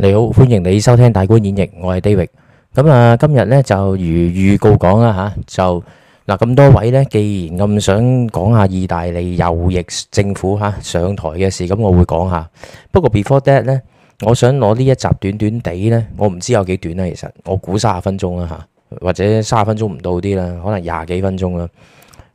你好，歡迎你收聽大觀演繹，我係 David。咁啊，今日咧就如預告講啦吓，就嗱咁多位咧，既然咁想講下意大利右翼政府吓、啊、上台嘅事，咁我會講下。不過 before that 咧，我想攞呢一集短短地咧，我唔知有幾短啦。其實我估卅分鐘啦吓、啊，或者卅分鐘唔到啲啦，可能廿幾分鐘啦。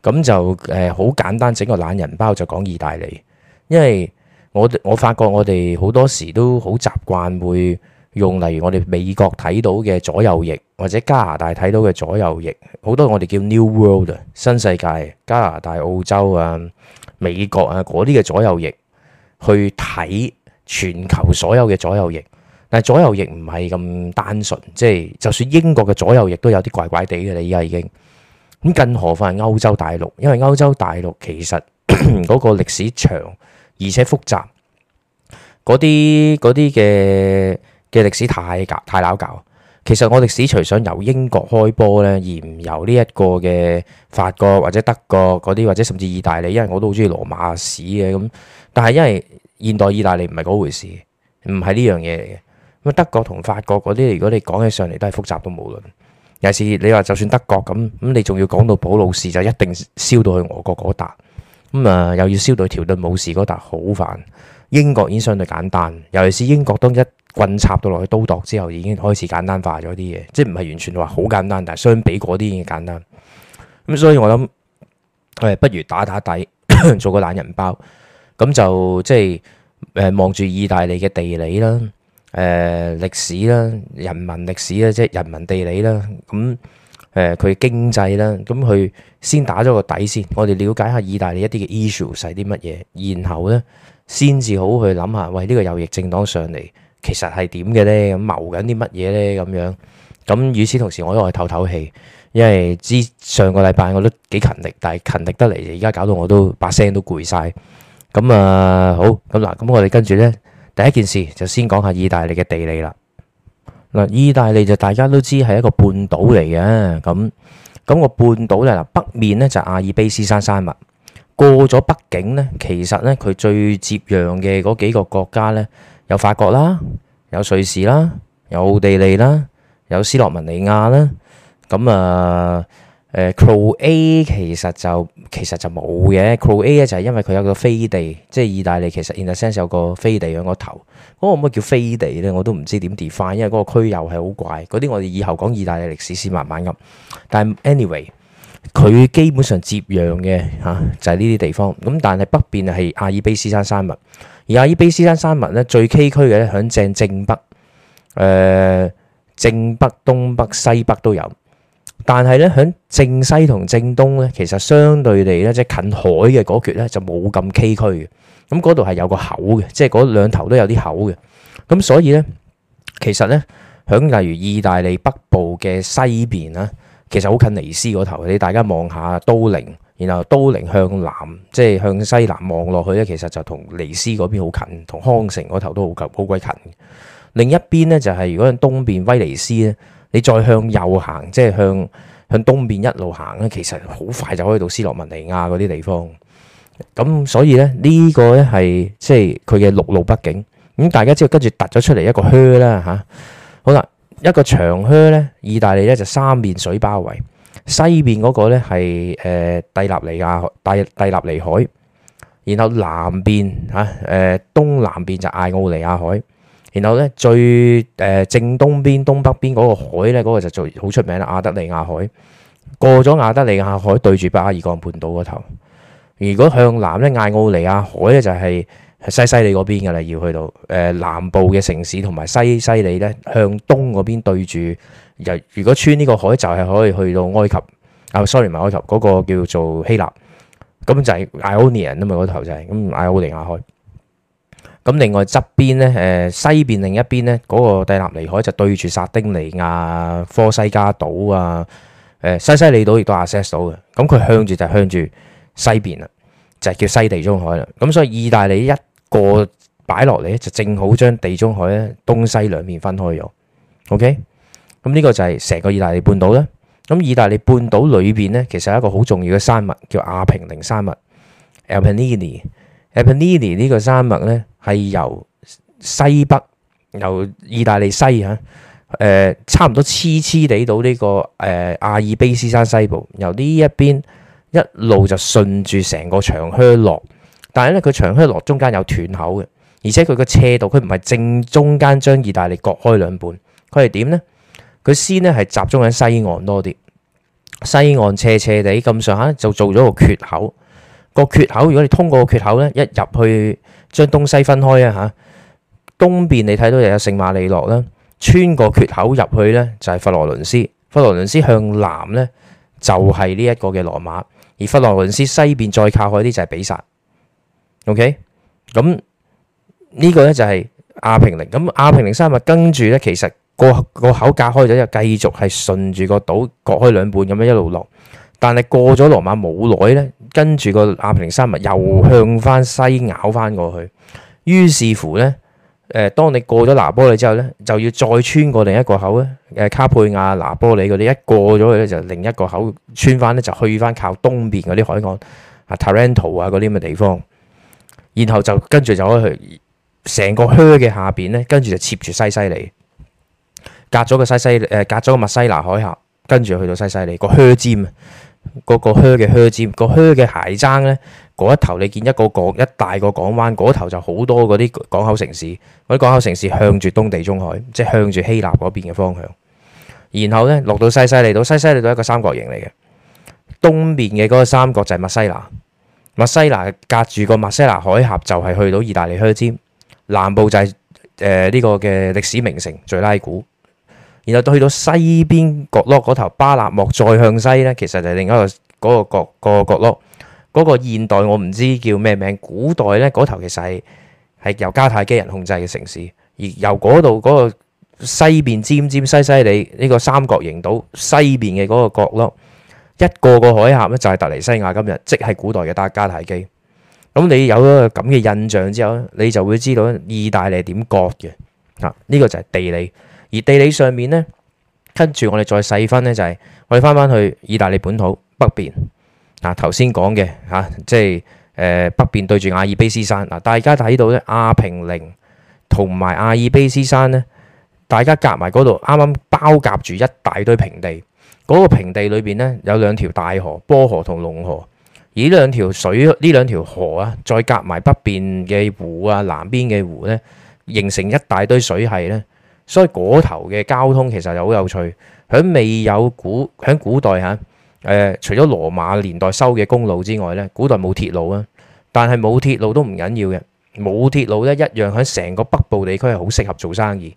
咁就誒好簡單，整個懶人包就講意大利，因為。我我發覺我哋好多時都好習慣會用，例如我哋美國睇到嘅左右翼，或者加拿大睇到嘅左右翼，好多我哋叫 New World 新世界，加拿大、澳洲啊、美國啊嗰啲嘅左右翼去睇全球所有嘅左右翼。但係左右翼唔係咁單純，即係就算英國嘅左右翼都有啲怪怪地嘅啦，依家已經咁，更何況係歐洲大陸，因為歐洲大陸其實嗰 個歷史長。而且複雜，嗰啲啲嘅嘅歷史太攪太攪，其實我歷史除想由英國開波呢，而唔由呢一個嘅法國或者德國嗰啲，或者甚至意大利，因為我都好中意羅馬史嘅咁。但係因為現代意大利唔係嗰回事，唔係呢樣嘢嚟嘅。德國同法國嗰啲，如果你講起上嚟都係複雜都冇論。尤其你話就算德國咁，咁你仲要講到普魯士，就一定燒到去俄國嗰笪。咁啊、嗯，又要燒到條頓冇事嗰笪，好煩。英國已經相對簡單，尤其是英國當一棍插到落去刀度之後，已經開始簡單化咗啲嘢，即係唔係完全話好簡單，但係相比嗰啲已經簡單。咁、嗯、所以我諗，誒、哎、不如打打底， 做個懶人包。咁就即係誒望住意大利嘅地理啦，誒、呃、歷史啦，人民歷史啦，即係人民地理啦，咁。誒佢經濟啦，咁佢先打咗個底先。我哋了解下意大利一啲嘅 issue 係啲乜嘢，然後咧先至好去諗下，喂呢個右翼政黨上嚟其實係點嘅咧？咁謀緊啲乜嘢咧咁樣。咁與此同時，我都去透透氣，因為之上個禮拜我都幾勤力，但係勤力得嚟，而家搞到我都把聲都攰晒。咁啊好，咁嗱，咁我哋跟住咧，第一件事就先講下意大利嘅地理啦。嗱，意大利就大家都知係一個半島嚟嘅，咁咁個半島咧，嗱北面咧就係阿爾卑斯山山脈，過咗北境咧，其實咧佢最接壤嘅嗰幾個國家咧，有法國啦，有瑞士啦，有奧地利啦，有斯洛文尼亞啦，咁啊。呃誒，Cro A 其實就其實就冇嘅，Cro A 咧就係因為佢有個飛地，即係意大利其實 in a sense 有個飛地喺個頭。嗰、嗰個咩叫飛地咧，我都唔知點 define，因為嗰個區又係好怪。嗰啲我哋以後講意大利歷史先慢慢咁。但係 anyway，佢基本上接壤嘅嚇就係呢啲地方。咁但係北邊係阿爾卑斯山山脈，而阿爾卑斯山山脈咧最崎嶇嘅咧喺正正北，誒、呃、正北、東北、西北都有。但係咧，喺正西同正東咧，其實相對地咧，即係近海嘅嗰橛咧，就冇咁崎嶇嘅。咁嗰度係有個口嘅，即係嗰兩頭都有啲口嘅。咁所以咧，其實咧，喺例如意大利北部嘅西邊啦，其實好近尼斯嗰頭。你大家望下都靈，然後都靈向南，即係向西南望落去咧，其實就同尼斯嗰邊好近，同康城嗰頭都好近，好鬼近，近。另一邊咧就係、是、如果喺東邊威尼斯咧。你再向右行，即係向向東邊一路行咧，其實好快就可以到斯洛文尼亞嗰啲地方。咁所以咧，呢、這個咧係即係佢嘅陸路北境。咁、嗯、大家知道跟住突咗出嚟一個靴啦嚇。好啦，一個長靴咧，意大利咧就三面水包圍，西邊嗰個咧係誒蒂納尼亞蒂蒂納尼海，然後南邊嚇誒東南邊就艾奧尼亞海。然後咧，最誒正東邊、東北邊嗰個海咧，嗰、那個就最好出名啦，亞德利亞海。過咗亞德利亞海，對住巴爾幹半島嗰頭。如果向南咧，愛奧尼亞海咧就係、是、西西里嗰邊噶啦，要去到誒、呃、南部嘅城市同埋西西里咧，向東嗰邊對住。若如果穿呢個海就係可以去到埃及。啊，sorry 唔係埃及，嗰、那個叫做希臘。咁就係愛奧尼亞人啊嘛，嗰頭就係咁愛奧尼亞海。咁另外側邊咧，誒西邊另一邊咧，嗰、那個第納尼海就對住薩丁尼亞、科西嘉島啊，誒西西里島亦都亞塞島嘅，咁佢向住就向住西邊啦，就係叫西地中海啦。咁所以意大利一個擺落嚟就正好將地中海咧東西兩面分開咗。OK，咁呢個就係成個意大利半島啦。咁意大利半島裏邊咧，其實係一個好重要嘅山脈叫亞平寧山脈 （Apennines）。埃佩尼尼呢個山脈咧，係由西北由意大利西嚇，誒、呃、差唔多黐黐地到呢、呢個誒亞、呃、爾卑斯山西部，由呢一邊一路就順住成個長靴落，但係咧佢長靴落中間有斷口嘅，而且佢個斜度，佢唔係正中間將意大利割開兩半，佢係點咧？佢先咧係集中喺西岸多啲，西岸斜斜地咁上下就做咗個缺口。個缺口，如果你通過個缺口咧，一入去將東西分開啊！嚇，東邊你睇到又有聖馬利諾啦，穿個缺口入去咧就係佛羅倫斯。佛羅倫斯向南咧就係呢一個嘅羅馬，而佛羅倫斯西邊再靠海啲就係比薩。OK，咁呢個咧就係亞平寧。咁亞平寧山脈跟住咧，其實個個口隔開咗，就繼續係順住個島割開兩半咁樣一路落，但係過咗羅馬冇耐咧。跟住個亞平寧山脈又向翻西咬翻過去，於是乎咧，誒、呃，當你過咗拿波里之後咧，就要再穿過另一個口咧，誒、呃，卡佩亞拿波里嗰啲，一過咗佢咧就另一個口穿翻咧就去翻靠東邊嗰啲海岸啊，Tarento 啊嗰啲咁嘅地方，然後就跟住就可以去成個靴嘅下邊咧，跟住就切住西西里，隔咗個西西誒、呃，隔咗個墨西拿海峽，跟住去到西西里個靴尖啊！個個靴嘅靴尖，個靴嘅鞋踭咧，嗰一頭你見一,一,一,一個港一大個港灣，嗰頭就好多嗰啲港口城市，嗰啲港口城市向住東地中海，即係向住希臘嗰邊嘅方向。然後咧落到西西里島，西西里島一個三角形嚟嘅，東面嘅嗰個三角就係墨西拿，墨西拿隔住個墨西拿海峽就係去到意大利靴尖，南部就係誒呢個嘅歷史名城敘拉古。然後到去到西邊角落嗰頭巴勒莫再向西咧，其實就係另一個嗰，那個角，那個那個角落。嗰，那個現代我唔知叫咩名，古代咧嗰頭其實係係由迦太基人控制嘅城市。而由嗰度嗰個西邊尖尖西西里呢，這個三角形島西邊嘅嗰個角落，一個個海峽咧就係突尼西亞今日，即係古代嘅大迦太基。咁你有咗個咁嘅印象之後咧，你就會知道意大利點割嘅。嗱，呢個就係地理。而地理上面咧，跟住我哋再細分咧，就係我哋翻翻去意大利本土北邊。嗱，頭先講嘅吓，即係誒北邊對住阿爾卑斯山。嗱，大家睇到咧，阿平寧同埋阿爾卑斯山咧，大家夾埋嗰度，啱啱包夾住一大堆平地。嗰個平地裏邊咧，有兩條大河，波河同龍河。而呢兩條水，呢兩條河啊，再夾埋北邊嘅湖啊，南邊嘅湖咧，形成一大堆水系咧。所以嗰頭嘅交通其實就好有趣。喺未有古，喺古代嚇，誒除咗羅馬年代修嘅公路之外咧，古代冇鐵路啊。但係冇鐵路都唔緊要嘅，冇鐵路咧，一樣喺成個北部地區係好適合做生意。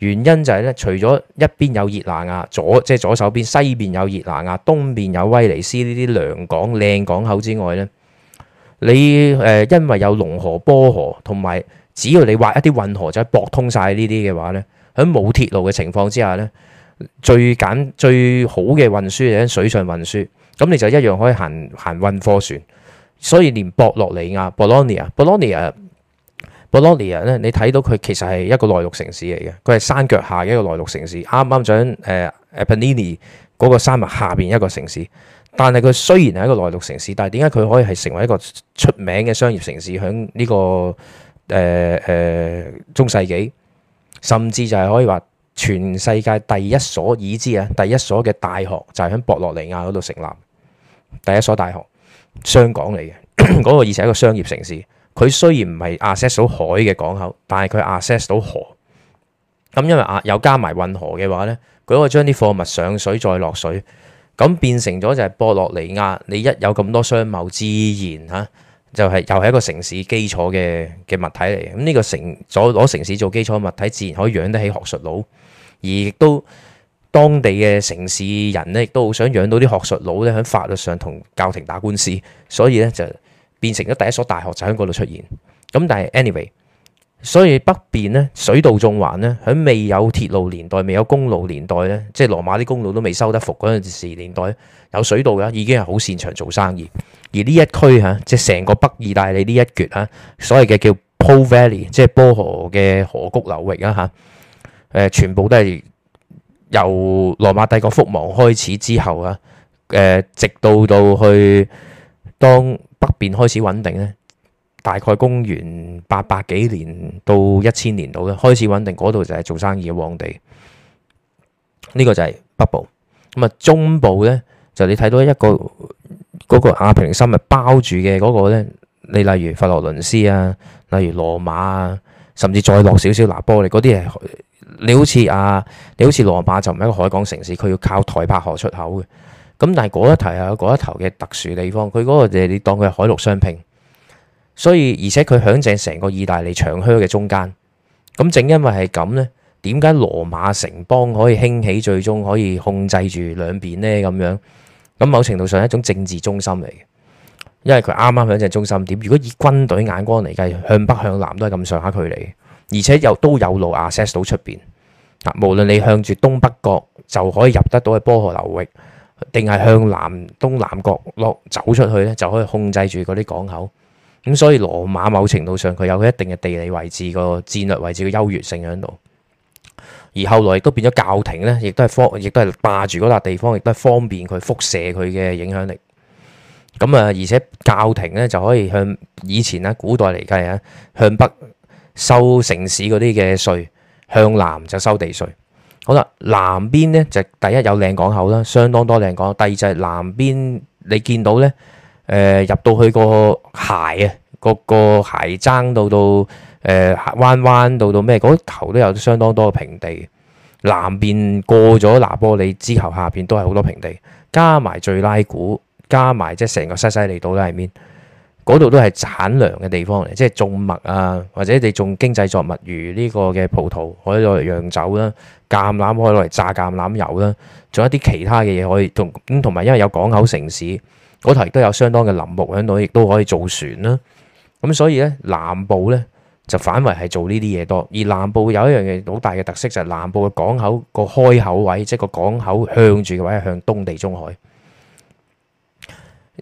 原因就係咧，除咗一邊有熱那亞左，即係左手邊西邊有熱那亞，東邊有威尼斯呢啲良港靚港口之外咧，你誒因為有龍河波河同埋，只要你挖一啲運河就駁通曬呢啲嘅話咧。喺冇鐵路嘅情況之下咧，最簡最好嘅運輸就係水上運輸，咁你就一樣可以行行運貨船。所以連博洛尼亞 （Bologna）、Bologna、Bologna 咧，你睇到佢其實係一個內陸城市嚟嘅，佢係山腳下一個內陸城市，啱啱喺誒誒 Penini 嗰個山脈下邊一個城市。但係佢雖然係一個內陸城市，但係點解佢可以係成為一個出名嘅商業城市喺呢、這個誒誒、呃呃、中世紀？甚至就係可以話全世界第一所已知啊，第一所嘅大學就係、是、喺博洛尼亞嗰度成立，第一所大學，香港嚟嘅，嗰、 那個嗰個以前係一個商業城市。佢雖然唔係 access 到海嘅港口，但係佢 access 到河。咁因為啊，有加埋運河嘅話咧，佢可以將啲貨物上水再落水，咁變成咗就係博洛尼亞。你一有咁多商貿，自然嚇。就係又係一個城市基礎嘅嘅物體嚟嘅，咁、這、呢個城攞攞城市做基礎嘅物體，自然可以養得起學術佬，而亦都當地嘅城市人咧，亦都好想養到啲學術佬咧，喺法律上同教廷打官司，所以咧就變成咗第一所大學就喺嗰度出現。咁但係 anyway，所以北邊咧水道縱橫咧，喺未有鐵路年代、未有公路年代咧，即係羅馬啲公路都未修得服嗰陣時年代，有水道嘅已經係好擅長做生意。而呢一區嚇，即係成個北意大利呢一橛啊，所謂嘅叫 Po Valley，即係波河嘅河谷流域啊嚇。誒，全部都係由羅馬帝國覆亡開始之後啊，誒，直到到去當北邊開始穩定咧，大概公元八百幾年到一千年度啦，開始穩定嗰度就係做生意嘅旺地。呢、呢個就係北部。咁啊，中部咧就你睇到一個。嗰個亞平寧山咪包住嘅嗰個咧，你例如佛羅倫斯啊，例如羅馬啊，甚至再落少少拿波利嗰啲，你好似啊，你好似羅馬就唔係一個海港城市，佢要靠台伯河出口嘅。咁但係嗰一提啊，嗰一頭嘅特殊地方，佢嗰個就你當佢係海陸雙拼，所以而且佢響正成個意大利長靴嘅中間。咁正因為係咁咧，點解羅馬城邦可以興起，最終可以控制住兩邊咧咁樣？咁某程度上係一種政治中心嚟嘅，因為佢啱啱喺正中心點。如果以軍隊眼光嚟計，向北向南都係咁上下距離，而且又都有路 access 到出邊。嗱，無論你向住東北角就可以入得到嘅波河流域，定係向南東南角落走出去咧，就可以控制住嗰啲港口。咁所以羅馬某程度上佢有佢一定嘅地理位置個戰略位置嘅優越性喺度。而後來亦都變咗教廷咧，亦都係方，亦都係霸住嗰笪地方，亦都係方便佢輻射佢嘅影響力。咁啊，而且教廷咧就可以向以前啊古代嚟計啊，向北收城市嗰啲嘅稅，向南就收地稅。好啦，南邊咧就第一有靚港口啦，相當多靚港。第二就係南邊你見到咧，誒入到去個鞋啊，個個鞋踭到到。誒、呃、彎彎到到咩？嗰、那、頭、個、都有相當多嘅平地。南邊過咗拿波里之後，下邊都係好多平地，加埋敘拉古，加埋即係成個西西利島啦。喺面。嗰度都係產糧嘅地方嚟，即係種麥啊，或者你種經濟作物，如呢個嘅葡萄可以攞嚟釀酒啦，橄欖可以攞嚟榨橄欖油啦，仲有一啲其他嘅嘢可以同同埋，因為有港口城市嗰頭、那個、都有相當嘅林木喺度，亦都可以造船啦。咁所以咧，南部咧。就反為係做呢啲嘢多，而南部有一樣嘢好大嘅特色就係南部嘅港口個開口位，即係個港口向住嘅位係向東地中海。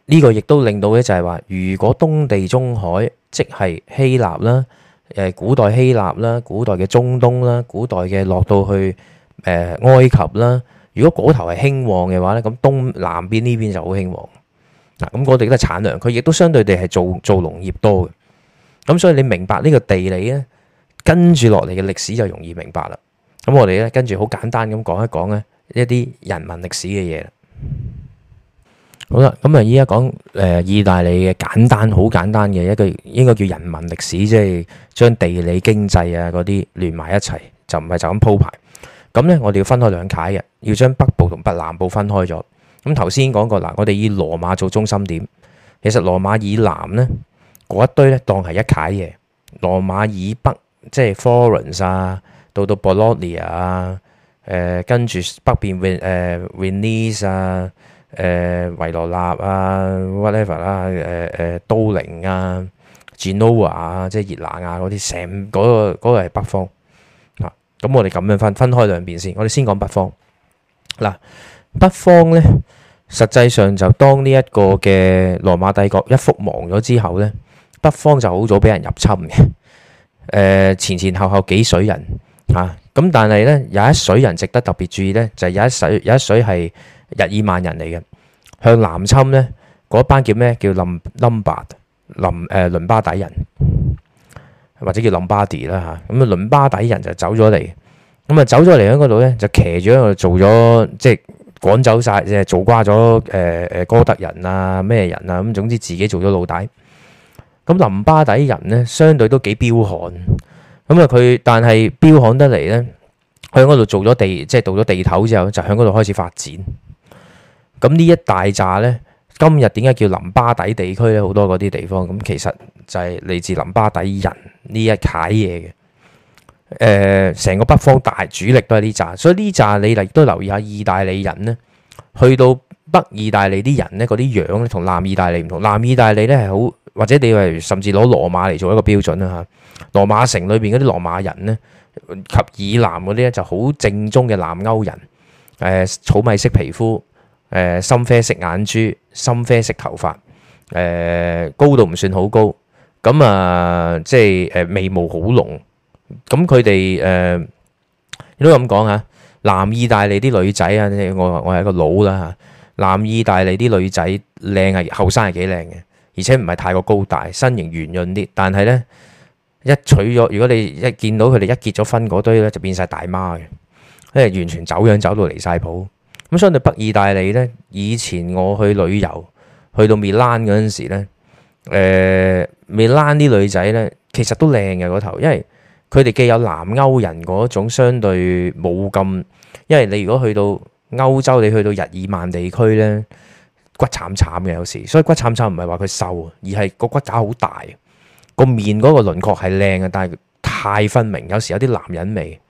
呢個亦都令到嘅就係話，如果東地中海即係希臘啦，誒古代希臘啦、古代嘅中東啦、古代嘅落到去誒埃及啦，如果嗰頭係興旺嘅話咧，咁東南邊呢邊就好興旺。嗱，咁嗰度嘅產糧，佢亦都相對地係做做農業多嘅。咁所以你明白呢個地理咧，跟住落嚟嘅歷史就容易明白啦。咁我哋咧跟住好簡單咁講一講咧一啲人民歷史嘅嘢。好啦，咁啊依家講誒意大利嘅簡單好簡單嘅一個應該叫人民歷史，即係將地理經濟啊嗰啲聯埋一齊，就唔係就咁鋪排。咁咧我哋要分開兩楷嘅，要將北部同北南部分開咗。咁頭先講過嗱，我哋以羅馬做中心點，其實羅馬以南咧。嗰一堆咧，當係一楷嘢。羅馬以北即係 Florence 啊，到到 Bologna 啊，誒跟住北邊誒、啊、Venice 啊，誒維羅納啊，whatever 啊，誒誒都靈啊、Genoa 啊，Gen oa，即係熱蘭、啊、那亞嗰啲，成、那、嗰個嗰、嗰個係北方啊。咁我哋咁樣分分開兩邊先，我哋先講北方嗱、啊。北方咧，實際上就當呢一個嘅羅馬帝國一覆亡咗之後咧。北方就好早俾人入侵嘅、 呃，誒前前後後幾水人嚇，咁、啊、但係咧有一水人值得特別注意咧，就係、有一水有一水係日耳曼人嚟嘅，向南侵咧嗰班叫咩？叫 Lombard, 林林巴林誒倫巴底人，或者叫林巴迪啦嚇，咁啊倫巴底人就走咗嚟，咁啊走咗嚟喺嗰度咧就騎住喺度做咗，即係趕走晒，即係做瓜咗誒誒哥特人啊咩人啊，咁、啊、總之自己做咗老大。咁林巴底人咧，相對都幾彪悍，咁啊佢但係彪悍得嚟咧，佢喺嗰度做咗地，即係到咗地頭之後，就喺嗰度開始發展。咁呢一大扎咧，今日點解叫林巴底地區咧？好多嗰啲地方，咁其實就係嚟自林巴底人呢一攤嘢嘅。誒、呃，成個北方大主力都係呢紮，所以呢紮你亦都留意下意大利人咧，去到北意大利啲人咧，嗰啲樣同南意大利唔同，南意大利咧係好。或者你話甚至攞羅馬嚟做一個標準啦嚇，羅馬城裏邊嗰啲羅馬人咧及以南嗰啲咧就好正宗嘅南歐人，誒草米色皮膚，誒深啡色眼珠，深啡色頭髮，誒高度唔算好高，咁啊即係誒眉毛好濃，咁佢哋誒都咁講啊。南意大利啲女仔啊，我我係一個佬啦嚇，南意大利啲女仔靚啊，後生係幾靚嘅。而且唔係太過高大，身形圓潤啲，但係呢，一娶咗，如果你一見到佢哋一結咗婚嗰堆呢，就變晒大媽嘅，因為完全走樣走到離晒譜。咁相對北意大利呢，以前我去旅遊，去到 Milan 嗰陣時呢，誒 Milan 啲女仔呢，其實都靚嘅嗰頭，因為佢哋既有南歐人嗰種相對冇咁，因為你如果去到歐洲，你去到日耳曼地區呢。骨慘慘嘅有時，所以骨慘慘唔係話佢瘦啊，而係個骨架好大，個面嗰個輪廓係靚嘅，但係太分明。有時有啲男人味，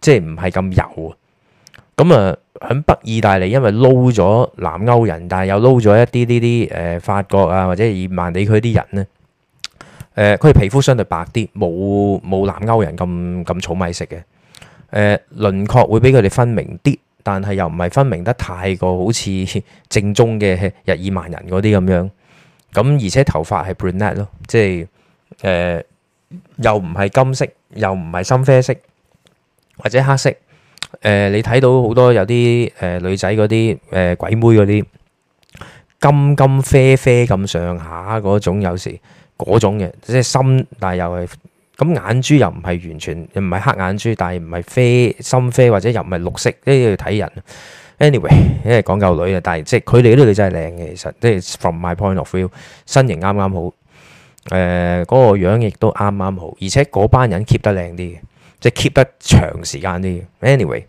即係唔係咁油啊。咁、嗯、啊，喺北意大利，因為撈咗南歐人，但係又撈咗一啲呢啲誒法國啊或者日耳曼地區啲人咧，誒佢哋皮膚相對白啲，冇冇南歐人咁咁草米食嘅，誒、呃、輪廓會比佢哋分明啲。但係又唔係分明得太過好似正宗嘅日耳曼人嗰啲咁樣，咁而且頭髮係 brunette 咯，即，即係誒又唔係金色，又唔係深啡色或者黑色，誒、呃、你睇到好多有啲誒、呃、女仔嗰啲誒鬼妹嗰啲金金啡啡咁上下嗰種，有時嗰種嘅即係深，但係又係。咁眼珠又唔係完全，又唔係黑眼珠，但係唔係啡深啡，或者又唔係綠色，呢啲要睇人。Anyway，因為講夠女啊，但係即係佢哋呢度，女真係靚嘅，其實即係 from my point of view，身形啱啱好，誒、呃、嗰、嗰個樣亦都啱啱好，而且嗰班人 keep 得靚啲嘅，即係 keep 得長時間啲嘅。Anyway，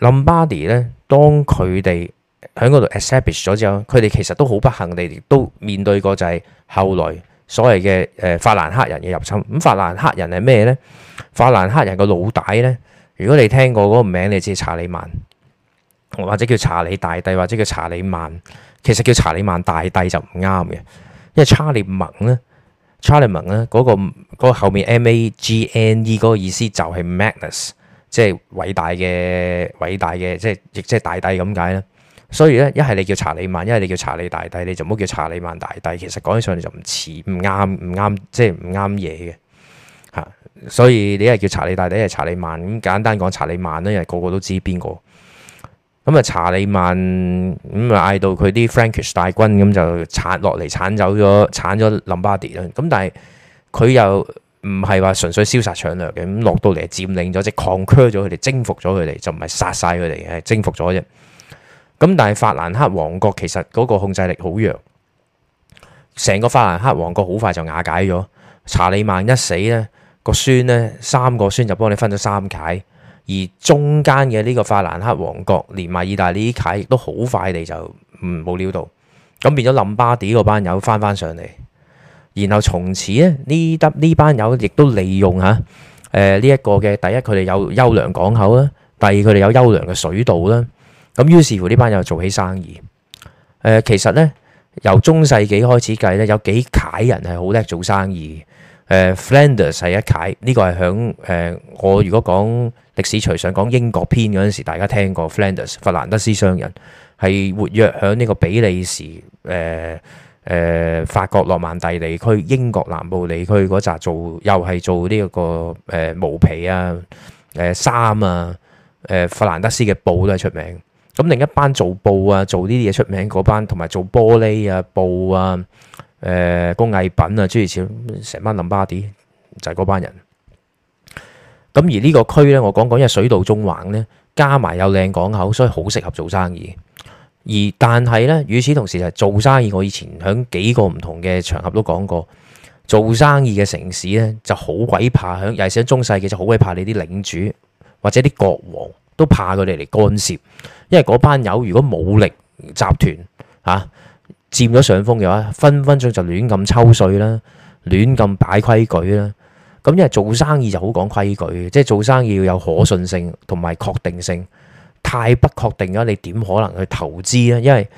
Lombardy 咧，當佢哋喺嗰度 establish 咗之後，佢哋其實都好不幸地，都面對過就係後來。所謂嘅誒法蘭克人嘅入侵，咁法蘭克人係咩咧？法蘭克人個、嗯、老大咧，如果你聽過嗰個名，你知查理曼，或者叫查理大帝，或者叫查理曼，其實叫查理曼大帝就唔啱嘅，因為 Charlemagne 咧，Charlemagne 咧嗰個嗰、那個、後面 M A G N E 嗰個意思就係 Magnus，即係偉大嘅偉大嘅，即係亦即係大帝咁解咧。所以咧，一係你叫查理曼，一係你叫查理大帝，你就唔好叫查理曼大帝。其實講起上嚟就唔似，唔啱，唔啱，即係唔啱嘢嘅吓。所以你一係叫查理大帝，一係查理曼。咁簡單講查理曼啦，因為個個都知邊個。咁、嗯、啊查理曼咁啊嗌到佢啲 Frankish 大軍咁、嗯、就鏟落嚟鏟走咗，鏟咗林巴迪啦。咁但係佢又唔係話純粹燒殺搶掠嘅，咁落到嚟佔領咗，即係 conquer 咗佢哋，征服咗佢哋，就唔係殺晒佢哋，係征服咗啫。咁但係法蘭克王國其實嗰個控制力好弱，成個法蘭克王國好快就瓦解咗。查理曼一死咧，個孫咧三個孫就幫你分咗三契，而中間嘅呢個法蘭克王國連埋意大利亦都好快地就唔冇料到，咁變咗冧巴地個班友翻翻上嚟，然後從此咧呢得呢班友亦都利用吓，誒、呃、呢一個嘅第一佢哋有優良港口啦，第二佢哋有優良嘅水道啦。咁於是乎呢班又做起生意。誒、呃，其實呢，由中世紀開始計呢有幾屆人係好叻做生意。誒、呃、，Flanders 係一屆，呢、這個係響誒我如果講歷史，除上講英國篇嗰陣時，大家聽過 Flanders 佛蘭德斯商人，係活躍喺呢個比利時、誒、呃、誒、呃、法國諾曼第地區、英國南部地區嗰扎做，又係做呢、這個個、呃、毛皮啊、誒衫啊、誒佛蘭德斯嘅布都係出名。咁另一班做布啊，做呢啲嘢出名嗰班，同埋做玻璃啊、布啊、誒、呃、工藝品啊，諸如此類，成班林巴迪就係、是、嗰班人。咁而呢個區咧，我講講，因為水道縱橫咧，加埋有靚港口，所以好適合做生意。而但係咧，與此同時就係做生意。我以前喺幾個唔同嘅場合都講過，做生意嘅城市咧就好鬼怕，響尤其是喺中世紀就好鬼怕你啲領主或者啲國王。都怕佢哋嚟干涉，因為嗰班友如果武力集團嚇佔咗上風嘅話，分分鐘就亂咁抽稅啦，亂咁擺規矩啦。咁、啊、因為做生意就好講規矩，即係做生意要有可信性同埋確定性。太不確定嘅話，你點可能去投資啊？因為誒、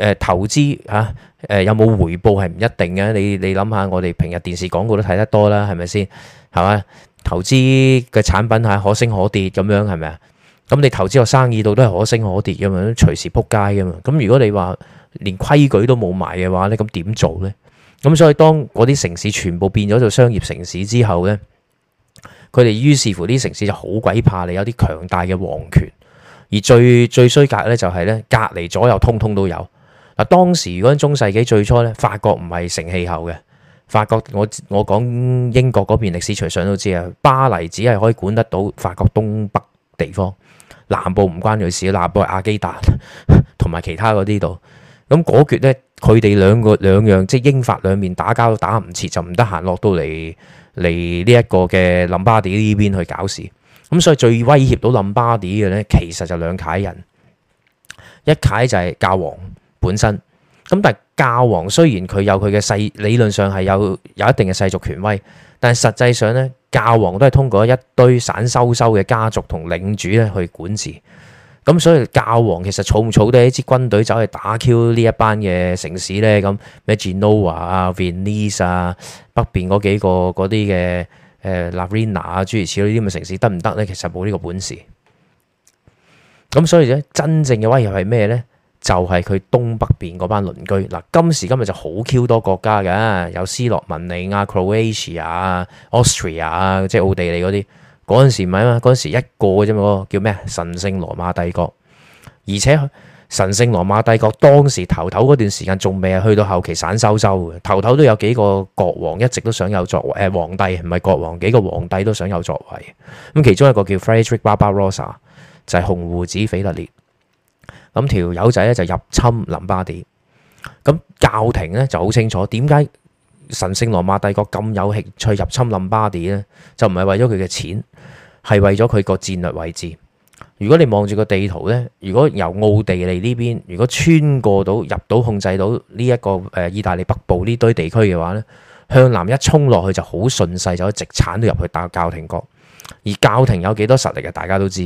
呃、投資吓誒有冇回報係唔一定嘅。你你諗下，我哋平日電視廣告都睇得多啦，係咪先？係嘛，投資嘅產品係、啊、可升可跌咁樣，係咪啊？咁你投資個生意度都係可升可跌㗎嘛，隨時撲街㗎嘛。咁如果你話連規矩都冇埋嘅話咧，咁點做咧？咁所以當嗰啲城市全部變咗做商業城市之後咧，佢哋於是乎啲城市就好鬼怕你，有啲強大嘅皇權。而最最衰格咧，就係咧，隔離左右通通都有嗱。當時嗰陣中世紀最初咧，法國唔係成氣候嘅法國。我我講英國嗰邊歷史，從上都知啊。巴黎只係可以管得到法國東北地方。南部唔關佢事，南部係阿基達同埋其他嗰啲度。咁嗰橛咧，佢哋兩個兩樣，即係英法兩面打交都打唔切，就唔得閒落到嚟嚟呢一個嘅林巴迪呢邊去搞事。咁所以最威脅到林巴迪嘅咧，其實就兩個人。一個就係教皇本身。咁但係教皇雖然佢有佢嘅世理論上係有有一定嘅世俗權威，但係實際上咧。教皇都係通過一堆散收收嘅家族同領主咧去管治，咁所以教皇其實措唔措得一支軍隊走去打 q 呢一班嘅城市咧？咁 Genova 啊，Venice 啊，北邊嗰幾個嗰啲嘅誒 Lavrina 啊，諸如此類啲咁嘅城市得唔得咧？其實冇呢個本事，咁所以咧，真正嘅威脅係咩咧？就係佢東北邊嗰班鄰居嗱，今時今日就好 Q 多國家嘅，有斯洛文尼亞、Croatia、Austria 啊，即係奧地利嗰啲。嗰陣時唔係啊嘛，嗰陣時一個嘅啫嘛，叫咩啊？神聖羅馬帝國，而且神聖羅馬帝國當時頭頭嗰段時間仲未啊，去到後期散收收嘅，頭頭都有幾個國王一直都想有作為，誒、呃、皇帝唔係國王，幾個皇帝都想有作為。咁其中一個叫 Frederick Barbarossa，就係紅胡子腓特烈。咁條友仔咧就入侵林巴地。咁教廷咧就好清楚點解神聖羅馬帝國咁有興趣入侵林巴地咧，就唔係為咗佢嘅錢，係為咗佢個戰略位置。如果你望住個地圖咧，如果由奧地利呢邊，如果穿過到入到控制到呢一個誒意大利北部呢堆地區嘅話咧，向南一衝落去就好順勢，就可以直闖到入去打教廷國。而教廷有幾多實力呀，大家都知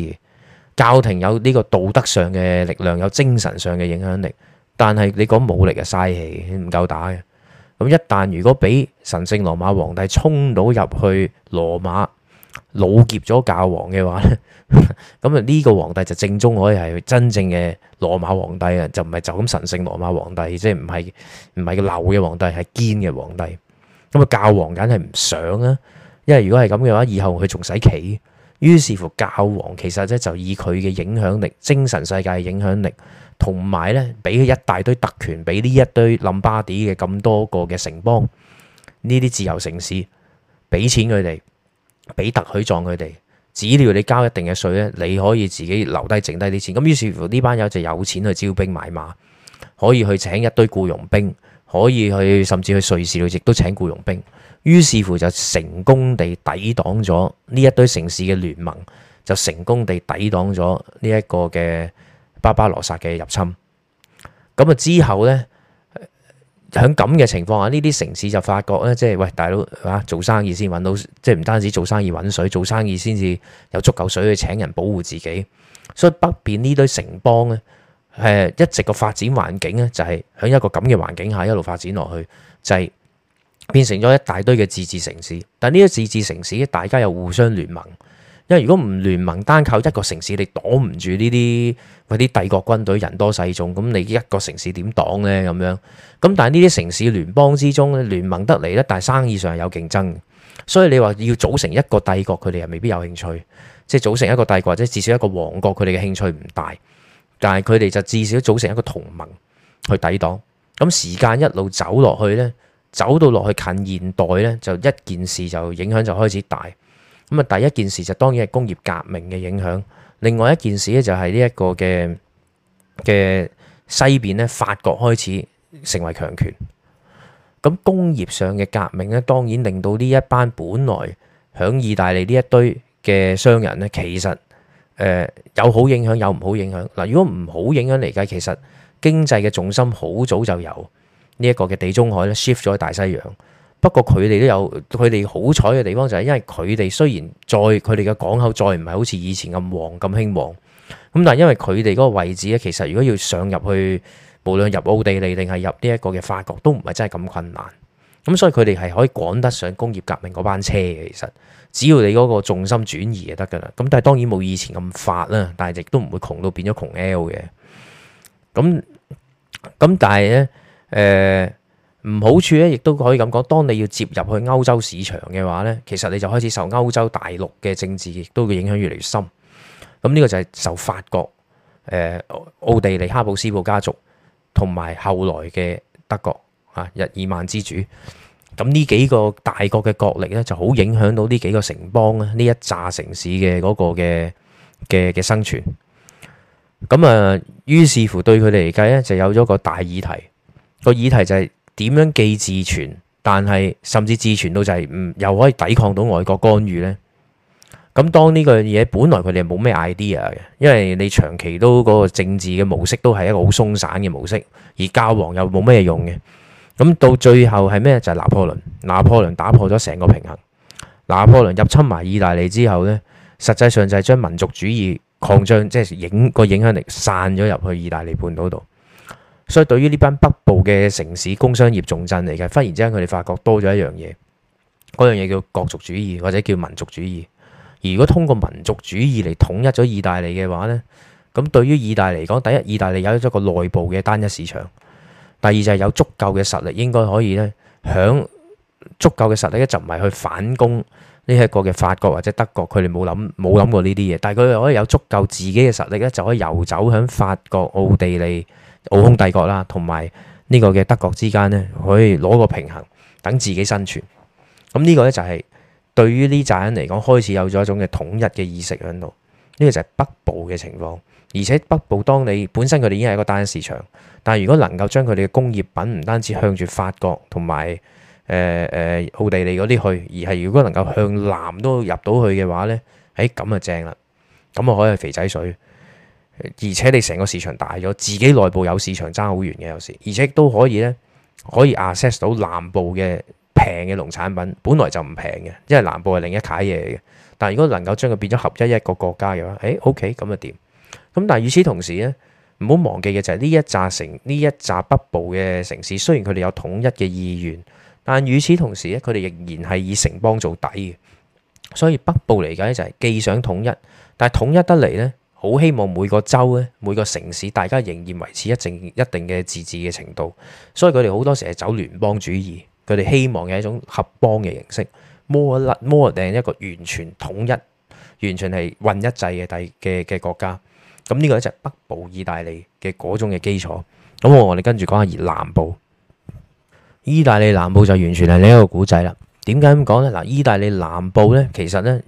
教廷有呢個道德上嘅力量，有精神上嘅影響力，但係你講武力係嘥氣，唔夠打嘅。咁一旦如果俾神聖羅馬皇帝衝到入去羅馬，擄劫咗教皇嘅話咧，咁啊呢個皇帝就正宗可以係真正嘅羅馬皇帝啊，就唔係就咁神聖羅馬皇帝，即係唔係唔係個流嘅皇帝，係堅嘅皇帝。咁啊教皇梗係唔想啊，因為如果係咁嘅話，以後佢仲使企？於是乎，教皇其實咧就以佢嘅影響力、精神世界嘅影響力，同埋咧俾佢一大堆特權，俾呢一堆冧巴地嘅咁多個嘅城邦，呢啲自由城市，俾錢佢哋，俾特許狀佢哋，只要你交一定嘅稅咧，你可以自己留低剩低啲錢。咁於是乎呢班友就有錢去招兵買馬，可以去請一堆僱傭兵，可以去甚至去瑞士度亦都請僱傭兵。於是乎就成功地抵擋咗呢一堆城市嘅聯盟，就成功地抵擋咗呢一個嘅巴巴羅薩嘅入侵。咁啊之後咧，喺咁嘅情況下，呢啲城市就發覺咧，即係喂，大佬啊，做生意先揾到，即係唔單止做生意揾水，做生意先至有足夠水去請人保護自己。所以北邊呢堆城邦咧，誒一直個發展環境咧，就係喺一個咁嘅環境下一路發展落去，就係。變成咗一大堆嘅自治城市，但呢啲自治城市大家又互相聯盟，因為如果唔聯盟，單靠一個城市，你擋唔住呢啲嗰啲帝國軍隊人多勢眾，咁你一個城市點擋呢？咁樣？咁但係呢啲城市聯邦之中聯盟得嚟咧，但係生意上係有競爭，所以你話要組成一個帝國，佢哋又未必有興趣，即係組成一個帝國或者至少一個王國，佢哋嘅興趣唔大，但係佢哋就至少組成一個同盟去抵擋。咁時間一路走落去呢。走到落去近現代咧，就一件事就影響就開始大。咁啊，第一件事就當然係工業革命嘅影響。另外一件事咧就係呢一個嘅嘅西邊咧，法國開始成為強權。咁工業上嘅革命咧，當然令到呢一班本來響意大利呢一堆嘅商人咧，其實誒有好影響有唔好影響。嗱，如果唔好影響嚟計，其實經濟嘅重心好早就有。呢一個嘅地中海咧 shift 咗去大西洋，不過佢哋都有佢哋好彩嘅地方就係，因為佢哋雖然在佢哋嘅港口再唔係好似以前咁旺咁興旺咁，但係因為佢哋嗰個位置咧，其實如果要上入去，無論入奧地利定係入呢一個嘅法國，都唔係真係咁困難。咁所以佢哋係可以趕得上工業革命嗰班車嘅。其實只要你嗰個重心轉移就得噶啦。咁但係當然冇以前咁發啦，但係亦都唔會窮到變咗窮 L 嘅。咁咁，但係咧。誒，唔、呃、好處咧，亦都可以咁講。當你要接入去歐洲市場嘅話咧，其實你就開始受歐洲大陸嘅政治，亦都會影響越嚟越深。咁、嗯、呢、這個就係受法國、誒、呃、奧地利哈布斯堡家族同埋後來嘅德國啊日耳曼之主。咁、嗯、呢幾個大國嘅角力咧，就好影響到呢幾個城邦啊呢一紮城市嘅嗰個嘅嘅嘅生存。咁、嗯、啊，於是乎對佢哋嚟計咧，就有咗個大議題。個議題就係點樣既自存，但係甚至自存到就係、是、唔、嗯、又可以抵抗到外國干預呢？咁當呢個嘢本來佢哋冇咩 idea 嘅，因為你長期都嗰、那個政治嘅模式都係一個好鬆散嘅模式，而教皇又冇咩用嘅。咁到最後係咩？就係、是、拿破崙。拿破崙打破咗成個平衡。拿破崙入侵埋意大利之後呢，實際上就係將民族主義擴張，即、就、係、是、影個影響力散咗入去意大利半島度。所以對於呢班北部嘅城市、工商業重鎮嚟嘅，忽然之間佢哋發覺多咗一樣嘢，嗰樣嘢叫國族主義或者叫民族主義。如果通過民族主義嚟統一咗意大利嘅話咧，咁對於意大利嚟講，第一，意大利有咗個內部嘅單一市場；第二就係有足夠嘅實力，應該可以咧，響足夠嘅實力咧，就唔係去反攻呢一個嘅法國或者德國。佢哋冇諗冇諗過呢啲嘢，但係佢哋可以有足夠自己嘅實力咧，就可以遊走響法國、奧地利。奧匈帝國啦，同埋呢個嘅德國之間咧，可以攞個平衡，等自己生存。咁、這、呢個咧就係對於呢紮人嚟講，開始有咗一種嘅統一嘅意識喺度。呢、這個就係北部嘅情況，而且北部當你本身佢哋已經係一個單一市場，但係如果能夠將佢哋嘅工業品唔單止向住法國同埋誒誒奧地利嗰啲去，而係如果能夠向南都入到去嘅話咧，誒咁就正啦，咁就可以係肥仔水。而且你成個市場大咗，自己內部有市場爭好遠嘅有時，而且都可以咧，可以 access 到南部嘅平嘅農產品，本來就唔平嘅，因為南部係另一碼嘢嚟嘅。但係如果能夠將佢變咗合一一個國家嘅話，誒、哎，OK，咁啊掂。咁但係與此同時咧，唔好忘記嘅就係呢一紮城，呢一紮北部嘅城市，雖然佢哋有統一嘅意願，但係與此同時咧，佢哋仍然係以城邦做底嘅。所以北部嚟講咧，就係既想統一，但係統一得嚟咧。好希望每個州咧、每個城市，大家仍然維持一定一定嘅自治嘅程度。所以佢哋好多時係走聯邦主義，佢哋希望有一種合邦嘅形式，more 定一個完全統一、完全係混一制嘅第嘅嘅國家。咁呢個呢就係北部意大利嘅嗰種嘅基礎。咁我哋跟住講下南部意大利，南部就完全係呢一個古仔啦。點解咁講呢？嗱，意大利南部呢，其實呢。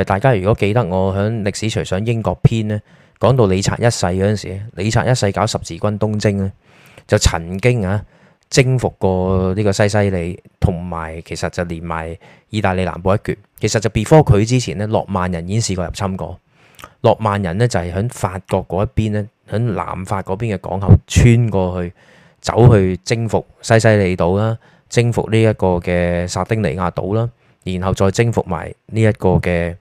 誒，大家如果記得我響歷史除上英國篇咧，講到李察一世嗰陣時，李察一世搞十字軍東征咧，就曾經啊征服過呢個西西里，同埋其實就連埋意大利南部一橛。其實就 before 佢之前咧，諾曼人已經試過入侵過。諾曼人咧就係響法國嗰一邊咧，響南法嗰邊嘅港口穿過去，走去征服西西里島啦，征服呢一個嘅撒丁尼亞島啦，然後再征服埋呢一個嘅。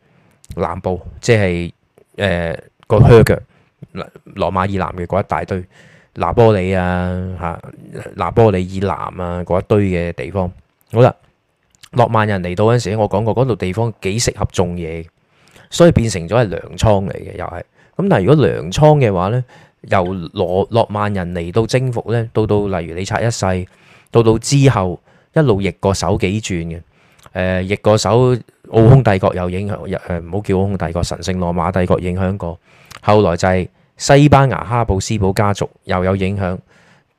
南部即係誒、呃那個靴腳，羅羅馬以南嘅嗰一大堆拿波里啊吓，拿波里以、啊、南啊嗰一堆嘅地方，好啦，諾曼人嚟到嗰陣時，我講過嗰度、那個、地方幾適合種嘢，所以變成咗係糧倉嚟嘅又係，咁但係如果糧倉嘅話咧，由羅諾曼人嚟到征服咧，到到例如你拆一世，到到之後一路逆個手幾轉嘅，誒、呃、逆個手。奧匈帝國有影響，誒唔好叫奧匈帝國，神聖羅馬帝國影響過，後來就係西班牙哈布斯堡家族又有影響，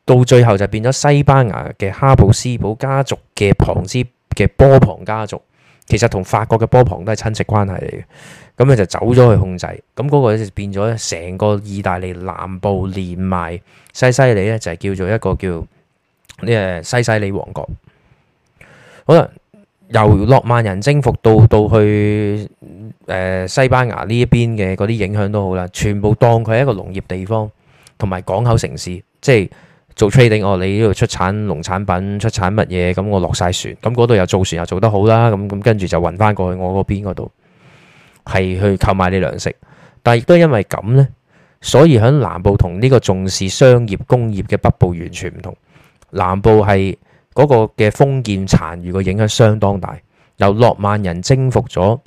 到最後就變咗西班牙嘅哈布斯堡家族嘅旁支嘅波旁家族，其實同法國嘅波旁都係親戚關係嚟嘅，咁咧就走咗去控制，咁嗰個就變咗咧，成個意大利南部連埋西西里咧就叫做一個叫呢誒西西里王國，好啦。由諾曼人征服到到去誒西班牙呢一邊嘅嗰啲影響都好啦，全部當佢係一個農業地方同埋港口城市，即係做 trading。我、哦、你呢度出產農產品，出產乜嘢，咁我落晒船，咁嗰度又造船又做得好啦，咁咁跟住就運翻過去我嗰邊嗰度係去購買啲糧食。但係亦都因為咁呢，所以喺南部同呢個重視商業工業嘅北部完全唔同。南部係。嗰個嘅封建殘餘嘅影響相當大，由諾曼人征服咗，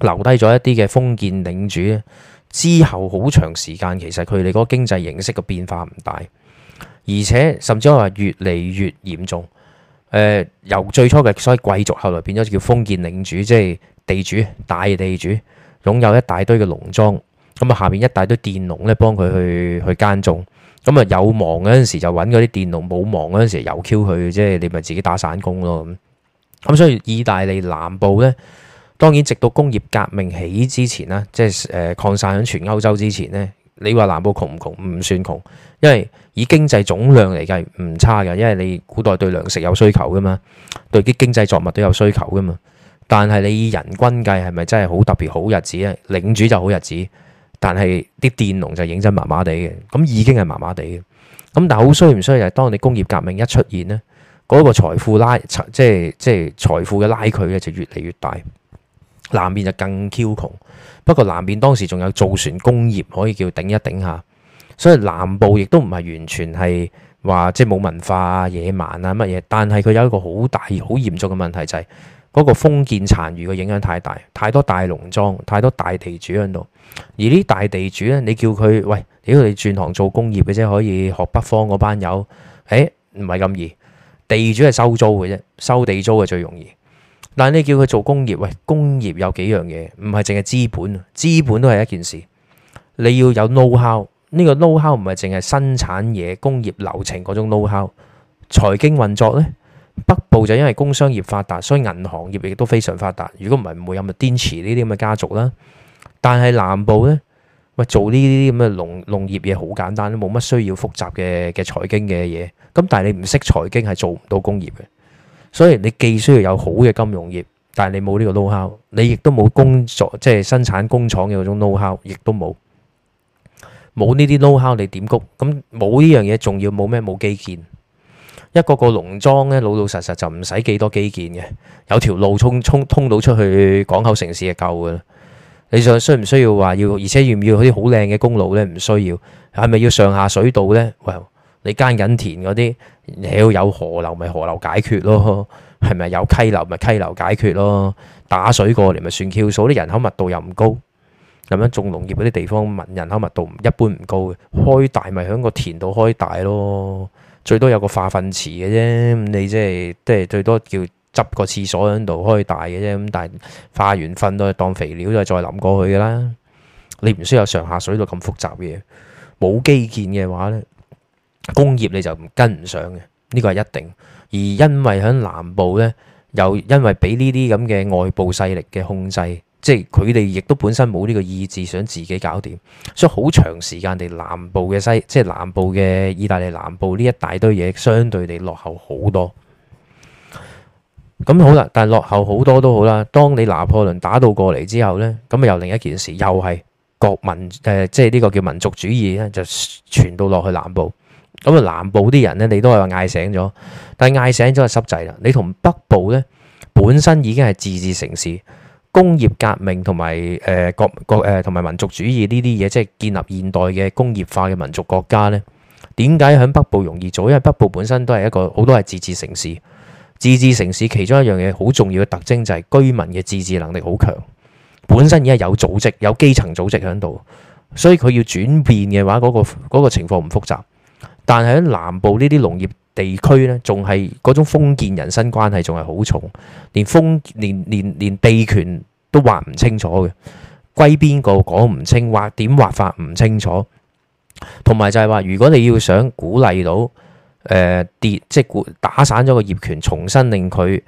留低咗一啲嘅封建領主之後，好長時間其實佢哋嗰經濟形式嘅變化唔大，而且甚至我話越嚟越嚴重。誒、呃，由最初嘅所謂貴族，後來變咗叫封建領主，即係地主、大地主擁有一大堆嘅農莊，咁啊，下面一大堆佃農咧幫佢去去耕種。咁啊、嗯、有忙嗰陣時就揾嗰啲電腦，冇忙嗰陣時有 Q 佢，即係你咪自己打散工咯咁。咁、嗯、所以意大利南部呢，當然直到工業革命起之前啦，即係誒、呃、擴散喺全歐洲之前呢，你話南部窮唔窮？窮？唔算窮，因為以經濟總量嚟計唔差嘅，因為你古代對糧食有需求噶嘛，對啲經濟作物都有需求噶嘛。但係你以人均計係咪真係好特別好日子咧？領主就好日子。但係啲佃農就認真麻麻地嘅，咁已經係麻麻地嘅。咁但係好衰唔衰就係當你工業革命一出現呢嗰、嗰個財富拉財即係即係財富嘅拉距咧就越嚟越大。南面就更窮，不過南面當時仲有造船工業可以叫頂一頂一下，所以南部亦都唔係完全係話即係冇文化、野蠻啊乜嘢，但係佢有一個好大、好嚴重嘅問題就係、是。嗰個封建殘餘嘅影響太大，太多大農莊，太多大地主喺度。而呢大地主咧，你叫佢喂，屌你轉行做工業嘅啫，可以學北方嗰班友，誒，唔係咁易。地主係收租嘅啫，收地租嘅最容易。但你叫佢做工業，喂，工業有幾樣嘢，唔係淨係資本啊，資本都係一件事。你要有 know how，呢個 know how 唔係淨係生產嘢，工業流程嗰種 know how，財經運作咧。就因為工商業發達，所以銀行業亦都非常發達。如果唔係，唔會有啲滇池呢啲咁嘅家族啦。但係南部咧，喂，做呢啲咁嘅農農業嘢好簡單，冇乜需要複雜嘅嘅財經嘅嘢。咁但係你唔識財經係做唔到工業嘅。所以你既需要有好嘅金融業，但係你冇呢個 know-how，你亦都冇工作即係生產工廠嘅嗰種 know-how，亦都冇。冇呢啲 know-how 你點谷？咁冇呢樣嘢，仲要冇咩，冇基建。一個個農莊咧，老老實實就唔使幾多基建嘅，有條路通通通到出去港口城市就夠噶啦。你想需唔需要話要？而且要唔要嗰啲好靚嘅公路咧？唔需要。係咪要上下水道咧？喂，你耕緊田嗰啲，你要有河流咪河流解決咯？係咪有溪流咪溪流解決咯？打水過嚟咪算 Q 數。啲人口密度又唔高，咁樣種農業嗰啲地方，民人口密度一般唔高嘅，開大咪響個田度開大咯。最多有個化糞池嘅啫，咁你即、就、係、是，即係最多叫執個廁所喺度開大嘅啫，咁但係化完糞都係當肥料，都係再淋過去噶啦。你唔需要有上下水道咁複雜嘅嘢，冇基建嘅話咧，工業你就唔跟唔上嘅，呢個係一定。而因為喺南部咧，又因為俾呢啲咁嘅外部勢力嘅控制。即係佢哋亦都本身冇呢個意志想自己搞掂，所以好長時間地南部嘅西，即係南部嘅意大利南部呢一大堆嘢，相對地落後好多。咁好啦，但係落後好多都好啦。當你拿破崙打到過嚟之後呢，咁又另一件事又係國民誒、呃，即係呢個叫民族主義咧，就傳到落去南部。咁啊，南部啲人呢，你都係嗌醒咗，但係嗌醒咗係濕滯啦。你同北部呢，本身已經係自治城市。工業革命同埋誒國國誒同埋民族主義呢啲嘢，即係建立現代嘅工業化嘅民族國家呢。點解喺北部容易做？因為北部本身都係一個好多係自治城市，自治城市其中一樣嘢好重要嘅特徵就係居民嘅自治能力好強，本身而家有組織、有基層組織喺度，所以佢要轉變嘅話，嗰個嗰個情況唔複雜。但係喺南部呢啲農業地區呢，仲係嗰種封建人身關係仲係好重，連封連連連地權都話唔清楚嘅，歸邊個講唔清，話點劃法唔清楚。同埋就係話如果你要想鼓勵到誒跌、呃、即係打散咗個業權重新令佢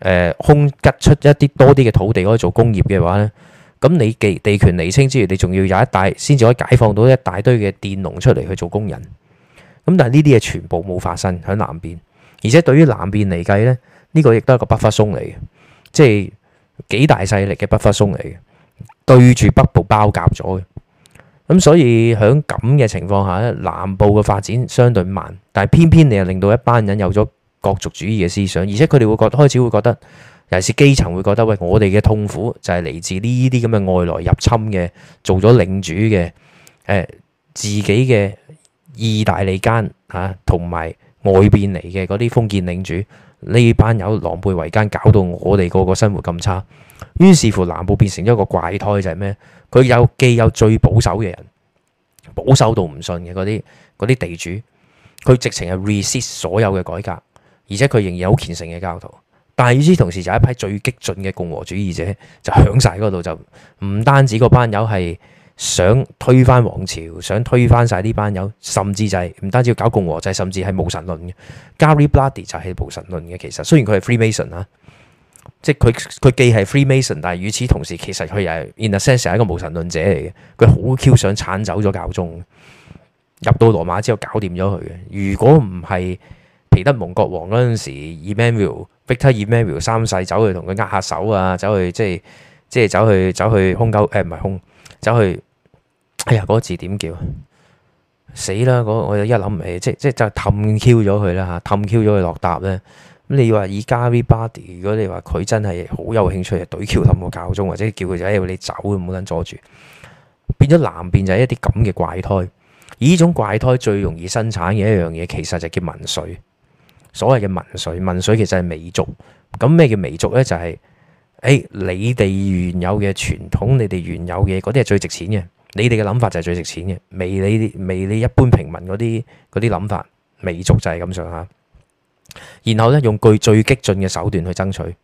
誒空吉出一啲多啲嘅土地可以做工業嘅話呢，咁你嘅地權厘清之餘，你仲要有一大先至可以解放到一大堆嘅佃農出嚟去做工人。咁但係呢啲嘢全部冇發生喺南邊，而且對於南邊嚟計咧，呢、這個亦都係個北伐松嚟嘅，即係幾大勢力嘅北伐松嚟嘅，對住北部包夾咗嘅。咁所以喺咁嘅情況下咧，南部嘅發展相對慢，但係偏偏你又令到一班人有咗國族主義嘅思想，而且佢哋會覺開始會覺得，尤其是基層會覺得喂，我哋嘅痛苦就係嚟自呢啲咁嘅外來入侵嘅，做咗領主嘅，誒、呃、自己嘅。意大利間嚇，同、啊、埋外邊嚟嘅嗰啲封建領主，呢班友狼狽為奸，搞到我哋個個生活咁差。於是乎南部變成咗一個怪胎就，就係咩？佢有既有最保守嘅人，保守到唔信嘅嗰啲啲地主，佢直情係 resist 所有嘅改革，而且佢仍然有虔誠嘅教徒。但係與之同時，就係一批最激進嘅共和主義者就響晒嗰度，就唔單止個班友係。想推翻王朝，想推翻晒呢班友，甚至就係，唔單止要搞共和制，甚至係無神論嘅。Garibaldi 就係無神論嘅。其實雖然佢係 Freemason 啊，即係佢佢既係 Freemason，但係與此同時，其實佢又係 in a sense 係一個無神論者嚟嘅。佢好 Q 想鏟走咗教宗，入到羅馬之後搞掂咗佢嘅。如果唔係皮德蒙國王嗰陣時，Emmanuel，Victor Emmanuel 三世走去同佢握下手啊，走去即係即係走去走去，去，去空勾誒，唔、呃、係空。走去，哎呀，嗰個字點叫？死啦！嗰個我一諗唔起，即即就氹 Q 咗佢啦，氹 Q 咗佢落搭咧。咁你話 Garibaldi，如果你話佢真係好有興趣，就懟 Q 氹個教宗，或者叫佢仔、哎，你走，唔好撚阻住。變咗南邊就係一啲咁嘅怪胎，而呢種怪胎最容易生產嘅一樣嘢，其實就叫民粹。所謂嘅民粹，民粹其實係媚俗。咁咩叫媚俗咧？就係。誒，hey，你哋原有嘅傳統，你哋原有嘅嗰啲係最值錢嘅。你哋嘅諗法就係最值錢嘅，未你未你一般平民嗰啲嗰啲諗法，未足就係咁上下。然後咧，用具最激進嘅手段去爭取，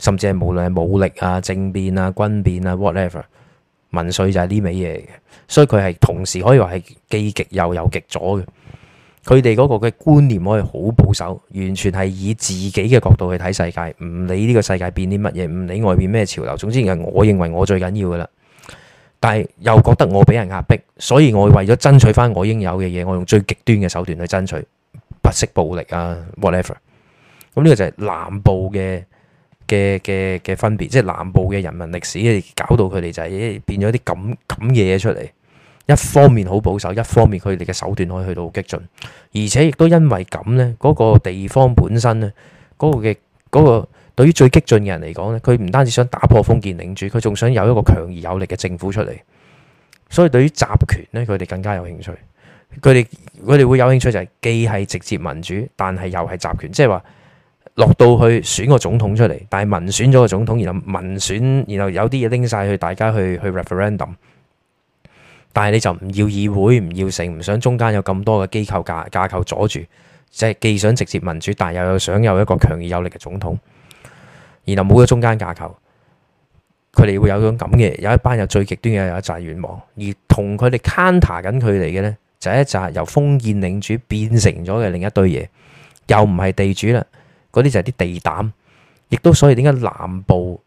甚至係無論係武力啊、政變啊、軍變啊，whatever，民粹就係呢味嘢嘅。所以佢係同時可以話係既極右又極左嘅。佢哋嗰個嘅觀念可以好保守，完全係以自己嘅角度去睇世界，唔理呢個世界變啲乜嘢，唔理外邊咩潮流。總之係我認為我最緊要噶啦，但係又覺得我俾人壓迫，所以我為咗爭取返我應有嘅嘢，我用最極端嘅手段去爭取，不惜暴力啊，whatever。咁呢個就係南部嘅嘅嘅嘅分別，即係南部嘅人民歷史搞到佢哋就係變咗啲咁咁嘅嘢出嚟。一方面好保守，一方面佢哋嘅手段可以去到激進，而且亦都因為咁呢，嗰個地方本身呢，嗰個嘅嗰個對於最激進嘅人嚟講呢，佢唔單止想打破封建領主，佢仲想有一個強而有力嘅政府出嚟，所以對於集權呢，佢哋更加有興趣。佢哋佢哋會有興趣就係既係直接民主，但係又係集權，即係話落到去選個總統出嚟，但係民選咗個總統，然後民選，然後有啲嘢拎晒去大家去去 referendum。但係你就唔要議會，唔要成，唔想中間有咁多嘅機構架架構阻住，即係既想直接民主，但係又想有一個強而有力嘅總統，然後又冇咗中間架構，佢哋會有種咁嘅有一班有最極端嘅有一扎願望，而同佢哋 counter 緊佢哋嘅呢，就係、一扎由封建領主變成咗嘅另一堆嘢，又唔係地主啦，嗰啲就係啲地膽，亦都所以點解南部？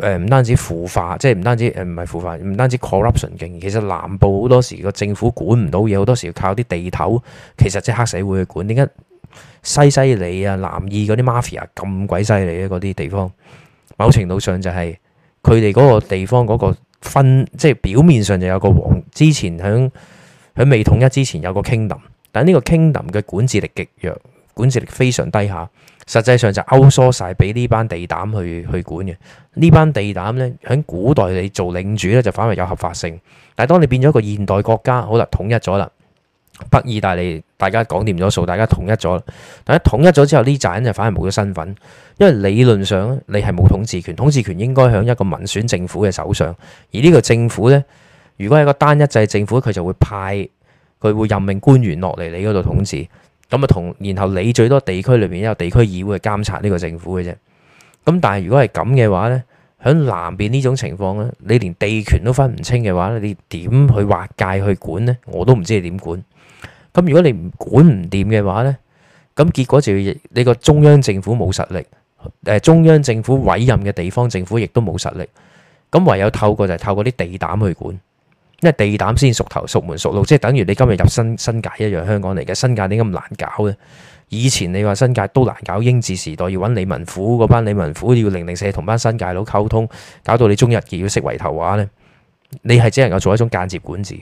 誒唔單止腐化，即係唔單止誒唔係腐化，唔單止 corruption 勁。其實南部好多時個政府管唔到嘢，好多時靠啲地頭，其實即係黑社會去管。點解西西里啊、南意嗰啲 mafia 咁鬼犀利咧？嗰啲地方，某程度上就係佢哋嗰個地方嗰個分，即係表面上就有個王。之前喺喺未統一之前有個 kingdom，但呢個 kingdom 嘅管治力極弱，管治力非常低下。實際上就收縮晒俾呢班地膽去去管嘅。呢班地膽呢，喺古代你做領主呢，就反而有合法性，但係當你變咗個現代國家，好啦統一咗啦，北意大利大家講掂咗數，大家統一咗，但係統一咗之後呢紮人就反而冇咗身份，因為理論上你係冇統治權，統治權應該喺一個民選政府嘅手上，而呢個政府呢，如果係一個單一制政府，佢就會派佢會任命官員落嚟你嗰度統治。咁啊，同然後你最多地區裏邊有地區議會去監察呢個政府嘅啫。咁但係如果係咁嘅話咧，喺南邊呢種情況咧，你連地權都分唔清嘅話你點去劃界去管咧？我都唔知你點管。咁如果你唔管唔掂嘅話咧，咁結果就要你個中央政府冇實力，誒中央政府委任嘅地方政府亦都冇實力。咁唯有透過就係透過啲地膽去管。因為地膽先熟頭熟門熟路，即係等於你今日入新新界一樣，香港嚟嘅新界點解咁難搞呢？以前你話新界都難搞，英治時代要揾李文虎嗰班李文虎，要零零舍同班新界佬溝通，搞到你中日亦要識圍頭話呢，你係只能夠做一種間接管治。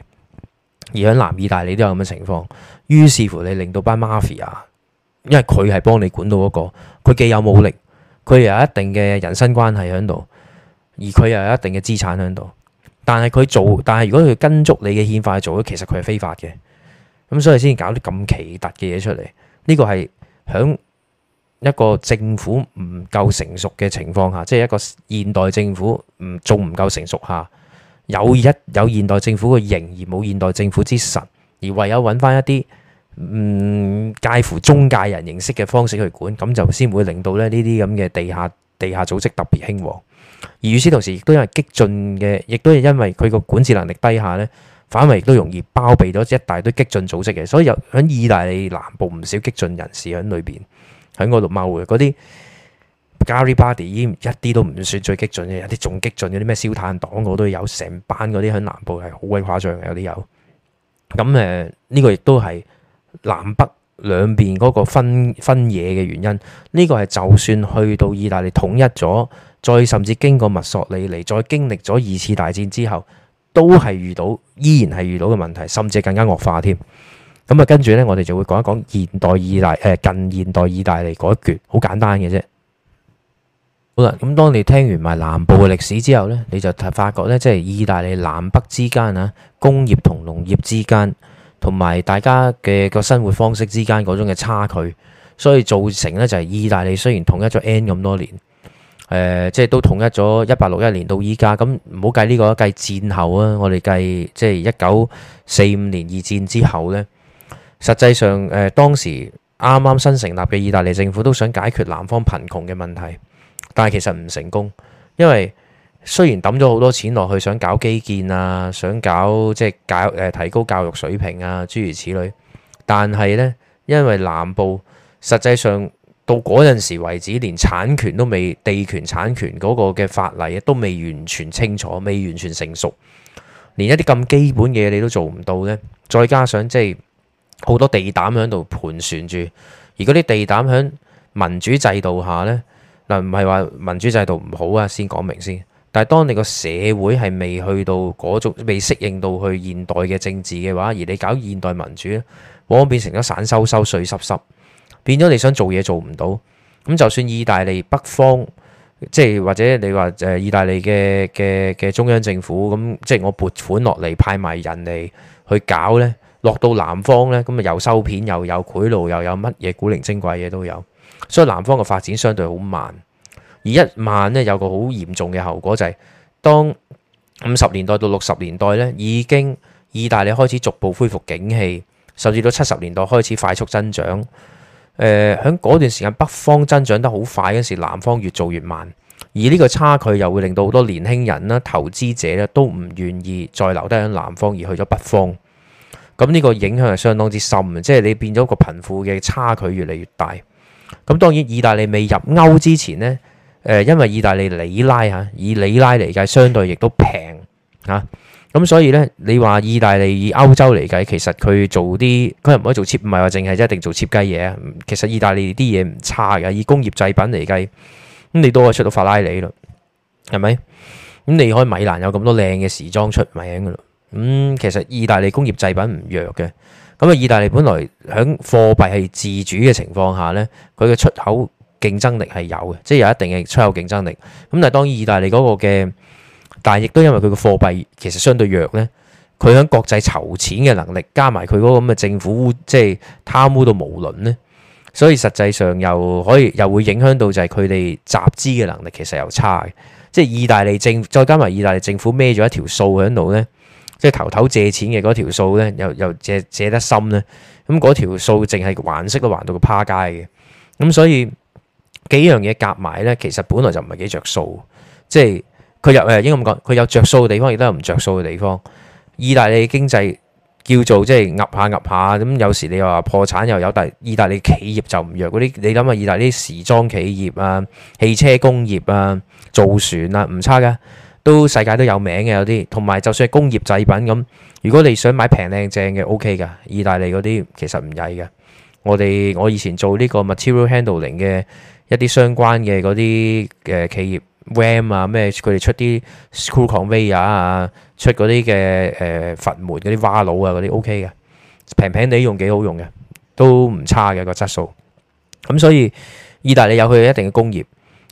而喺南意大利你都有咁嘅情況，於是乎你令到班 mafia，因為佢係幫你管到嗰個，佢既有武力，佢又有一定嘅人身關係喺度，而佢又有一定嘅資產喺度。但係佢做，但係如果佢跟足你嘅憲法去做，咧其實佢係非法嘅。咁所以先搞啲咁奇特嘅嘢出嚟。呢個係響一個政府唔夠成熟嘅情況下，即係一個現代政府唔做唔夠成熟下，有一有現代政府嘅形而冇現代政府之神，而唯有揾翻一啲嗯介乎中介人形式嘅方式去管，咁就先會令到咧呢啲咁嘅地下地下組織特別興旺。而與此同時亦，亦都因為激進嘅，亦都係因為佢個管治能力低下咧，反為亦都容易包庇咗一大堆激進組織嘅。所以有喺意大利南部唔少激進人士喺裏邊喺嗰度踎嘅嗰啲 Garibaldi，一啲都唔算最激進嘅，有啲仲激進啲咩燒炭黨，我都有成班嗰啲喺南部係好鬼誇張嘅，有啲有咁誒呢個亦都係南北兩邊嗰個分分野嘅原因。呢、這個係就算去到意大利統一咗。再甚至經過墨索里尼，再經歷咗二次大戰之後，都係遇到，依然係遇到嘅問題，甚至更加惡化添。咁啊，跟住呢，我哋就會講一講現代意大，誒近現代意大利嗰一橛，好簡單嘅啫。好啦，咁當你聽完埋南部嘅歷史之後呢，你就發覺呢，即係意大利南北之間啊，工業同農業之間，同埋大家嘅個生活方式之間嗰種嘅差距，所以造成呢，就係意大利雖然統一咗 N 咁多年。誒、呃，即係都統一咗一八六一年到依家，咁唔好計呢個，計戰後啊，我哋計即係一九四五年二戰之後呢，實際上誒、呃、當時啱啱新成立嘅意大利政府都想解決南方貧窮嘅問題，但係其實唔成功，因為雖然抌咗好多錢落去，想搞基建啊，想搞即係搞誒提高教育水平啊，諸如此類，但係呢，因為南部實際上到嗰陣時為止，連產權都未，地權、產權嗰個嘅法例都未完全清楚，未完全成熟，連一啲咁基本嘅嘢你都做唔到呢，再加上即係好多地膽喺度盤旋住，而嗰啲地膽喺民主制度下呢，嗱，唔係話民主制度唔好啊，先講明先。但係當你個社會係未去到嗰種，未適應到去現代嘅政治嘅話，而你搞現代民主，往往變成咗散修修碎濕濕。變咗你想做嘢做唔到咁，就算意大利北方即係或者你話誒意大利嘅嘅嘅中央政府咁，即係我撥款落嚟派埋人嚟去搞呢，落到南方呢，咁啊，又收片又有賄賂，又有乜嘢古靈精怪嘢都有，所以南方嘅發展相對好慢。而一慢呢，有個好嚴重嘅後果就係當五十年代到六十年代呢，已經意大利開始逐步恢復景氣，甚至到七十年代開始快速增長。誒，喺嗰、呃、段時間北方增長得好快嗰時，南方越做越慢，而呢個差距又會令到好多年輕人啦、投資者咧都唔願意再留低喺南方，而去咗北方。咁呢個影響係相當之深啊。即係你變咗個貧富嘅差距越嚟越大。咁當然意大利未入歐之前呢，誒、呃，因為意大利里拉吓以里拉嚟計，相對亦都平吓。啊。咁所以呢，你話意大利以歐洲嚟計，其實佢做啲佢又唔可以做設，唔係話淨係一定做設計嘢啊。其實意大利啲嘢唔差㗎，以工業製品嚟計，咁你都可以出到法拉利咯，係咪？咁你可以米蘭有咁多靚嘅時裝出名噶咯。咁、嗯、其實意大利工業製品唔弱嘅。咁啊，意大利本來響貨幣係自主嘅情況下呢，佢嘅出口競爭力係有嘅，即係有一定嘅出口競爭力。咁但係當意大利嗰個嘅。但係亦都因為佢個貨幣其實相對弱咧，佢喺國際籌錢嘅能力加埋佢嗰個咁嘅政府即係貪污到無論咧，所以實際上又可以又會影響到就係佢哋集資嘅能力其實又差嘅，即係意大利政再加埋意大利政府孭咗一條數喺度咧，即係頭頭借錢嘅嗰條數咧又又借借得深咧，咁嗰條數淨係還息都還到個趴街嘅，咁所以幾樣嘢夾埋咧，其實本來就唔係幾着數，即係。佢入誒，應該咁講，佢有着數嘅地方，亦都有唔着數嘅地方。意大利經濟叫做即係壓下壓下，咁、就是、有時你話破產又有，但係意大利企業就唔弱。嗰啲你諗下，意大利時裝企業啊、汽車工業啊、造船啊，唔差㗎，都世界都有名嘅有啲。同埋就算係工業製品咁，如果你想買平靚正嘅，OK 㗎，意大利嗰啲其實唔曳㗎。我哋我以前做呢個 material handling 嘅一啲相關嘅嗰啲嘅企業。RAM 啊，咩佢哋出啲 screw conveyor 啊，出嗰啲嘅誒佛門嗰啲瓦佬啊，嗰啲 OK 嘅，平平地用幾好用嘅，都唔差嘅個質素。咁所以意大利有佢一定嘅工業，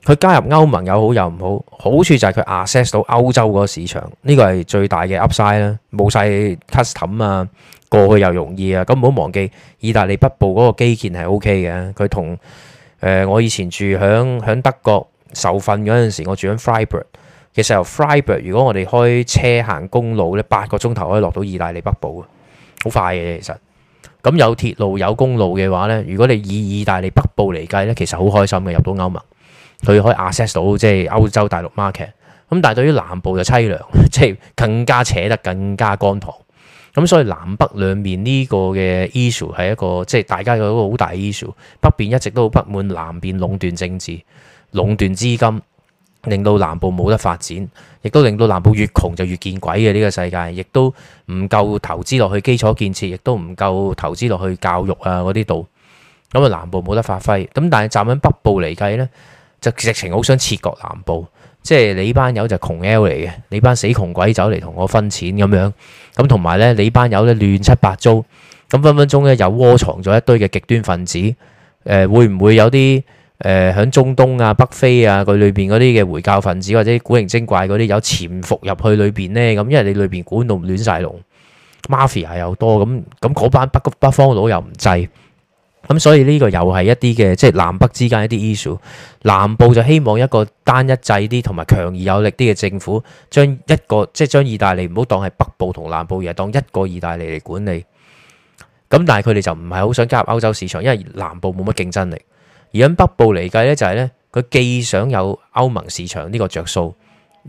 佢加入歐盟有好有唔好，好處就係佢 access 到歐洲嗰個市場，呢個係最大嘅 upside 啦，冇曬 custom 啊，過去又容易啊。咁唔好忘記，意大利北部嗰個基建係 OK 嘅，佢同誒我以前住響響德國。受訓嗰陣時，我住緊 Fribourg 其實由 Fribourg 如果我哋開車行公路咧，八個鐘頭可以落到意大利北部啊，好快嘅其實。咁有鐵路有公路嘅話咧，如果你以意大利北部嚟計咧，其實好開心嘅入到歐盟，佢可以 access 到即係歐洲大陸 market。咁但係對於南部就凄涼，即係更加扯得更加乾糖。咁所以南北兩面呢個嘅 issue 係一個即係大家嘅一個好大 issue。北邊一直都好不滿，南邊壟斷政治，壟斷資金，令到南部冇得發展，亦都令到南部越窮就越見鬼嘅呢個世界，亦都唔夠投資落去基礎建設，亦都唔夠投資落去教育啊嗰啲度，咁啊南部冇得發揮。咁但係站喺北部嚟計呢，就直情好想切割南部，即係你班友就窮 L 嚟嘅，你班死窮鬼走嚟同我分錢咁樣，咁同埋呢，你班友呢，亂七八糟，咁分分鐘呢又窩藏咗一堆嘅極端分子，誒、呃、會唔會有啲？誒，喺中東啊、北非啊，佢裏邊嗰啲嘅回教分子或者古靈精怪嗰啲有潛伏入去裏邊呢。咁因為你裏邊管到亂晒龍，mafia 又多，咁咁嗰班北北方佬又唔制，咁所以呢個又係一啲嘅即係南北之間一啲 issue。南部就希望一個單一制啲同埋強而有力啲嘅政府，將一個即係、就是、將意大利唔好當係北部同南部而係當一個意大利嚟管理。咁但係佢哋就唔係好想加入歐洲市場，因為南部冇乜競爭力。而喺北部嚟計咧，就係咧，佢既想有歐盟市場呢個着數，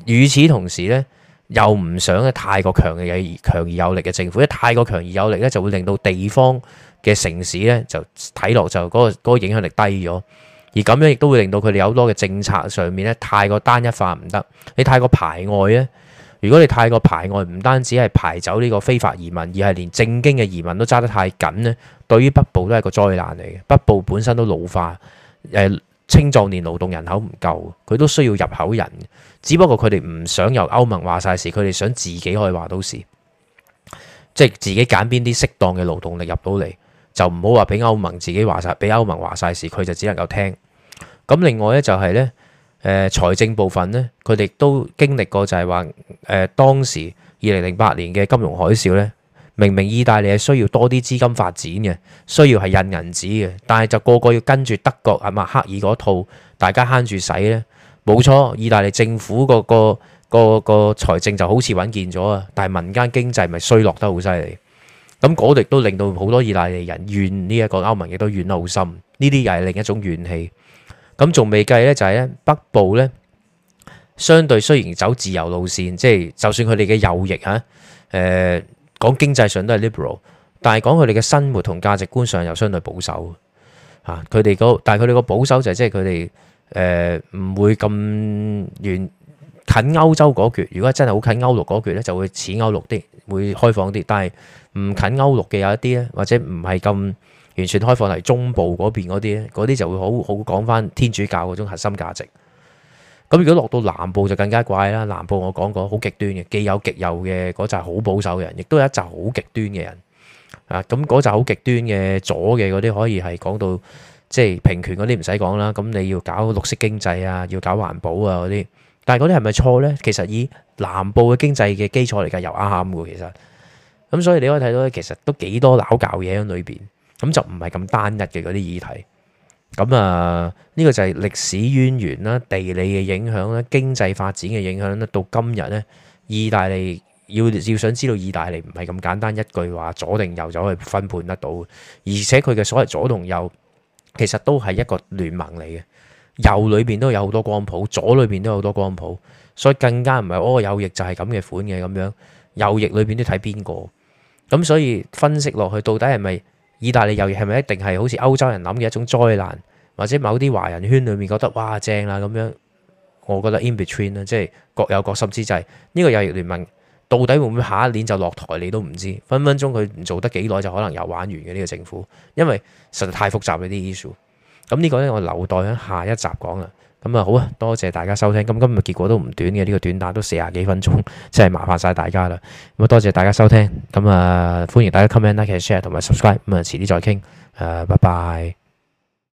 與此同時咧，又唔想咧太過強嘅嘢，強而有力嘅政府，因為太過強而有力咧，就會令到地方嘅城市咧就睇落就嗰個影響力低咗，而咁樣亦都會令到佢哋有好多嘅政策上面咧太過單一化唔得，你太過排外咧。如果你太過排外，唔單止係排走呢個非法移民，而係連正經嘅移民都揸得太緊呢，對於北部都係個災難嚟嘅。北部本身都老化，誒、青壯年勞動人口唔夠，佢都需要入口人。只不過佢哋唔想由歐盟話晒事，佢哋想自己可以話到事，即係自己揀邊啲適當嘅勞動力入到嚟，就唔好話俾歐盟自己話晒，俾歐盟話曬事，佢就只能夠聽。咁另外呢，就係，就係呢。誒、呃、財政部分呢，佢哋都經歷過就係話，誒、呃、當時二零零八年嘅金融海嘯咧，明明意大利係需要多啲資金發展嘅，需要係印銀紙嘅，但係就個個要跟住德國阿默克爾嗰套，大家慳住使呢？冇錯，意大利政府個個個個財政就好似穩健咗啊，但係民間經濟咪衰落得好犀利。咁嗰度都令到好多意大利人怨呢一個歐盟，亦都怨得好深。呢啲又係另一種怨氣。咁仲未計咧，就係咧，北部咧，相對雖然走自由路線，即係就算佢哋嘅右翼，嚇，誒，講經濟上都係 liberal，但係講佢哋嘅生活同價值觀上又相對保守啊！佢哋，但係佢哋個保守就係，即係佢哋誒唔會咁遠近歐洲嗰橛。如果真係好近歐陸嗰橛咧，就會似歐陸啲，會開放啲。但係唔近歐陸嘅有一啲咧，或者唔係咁。完全開放嚟，中部嗰邊嗰啲咧，嗰啲就會好好講返天主教嗰種核心價值。咁如果落到南部就更加怪啦！南部我講過好極端嘅，既有極右嘅嗰紮好保守嘅人，亦都有一紮好極端嘅人。啊，咁嗰紮好極端嘅左嘅嗰啲可以係講到即係平權嗰啲唔使講啦。咁你要搞綠色經濟啊，要搞環保啊嗰啲。但係嗰啲係咪錯咧？其實以南部嘅經濟嘅基礎嚟㗎又啱嘅喎，其實。咁所以你可以睇到其實都幾多撈教嘢喺裏邊。咁就唔係咁單一嘅嗰啲議題，咁啊呢個就係歷史淵源啦、地理嘅影響啦、經濟發展嘅影響啦。到今日咧，意大利要，要想知道意大利唔係咁簡單一句話左定右就可以分判得到，而且佢嘅所謂左同右其實都係一個聯盟嚟嘅，右裏邊都有好多光譜，左裏邊都有好多光譜，所以更加唔係哦右翼就係咁嘅款嘅，咁樣右翼裏邊都睇邊個，咁所以分析落去到底係咪？意大利右翼係咪一定係好似歐洲人諗嘅一種災難，或者某啲華人圈裡面覺得哇正啦咁樣？我覺得 in between 啦，即係各有各心之際。呢、這個右翼聯盟到底會唔會下一年就落台，你都唔知，分分鐘佢唔做得幾耐就可能又玩完嘅呢、這個政府，因為實在太複雜嗰啲 issue。咁呢個咧，我留待喺下一集講啦。咁啊好啊，多謝大家收聽。咁今日結果都唔短嘅，呢個短打都四廿幾分鐘，真係麻煩晒大家啦。咁啊，多謝大家收聽。咁啊，歡迎大家 comment、like、share 同埋 subscribe。咁啊，遲啲再傾。誒，拜拜。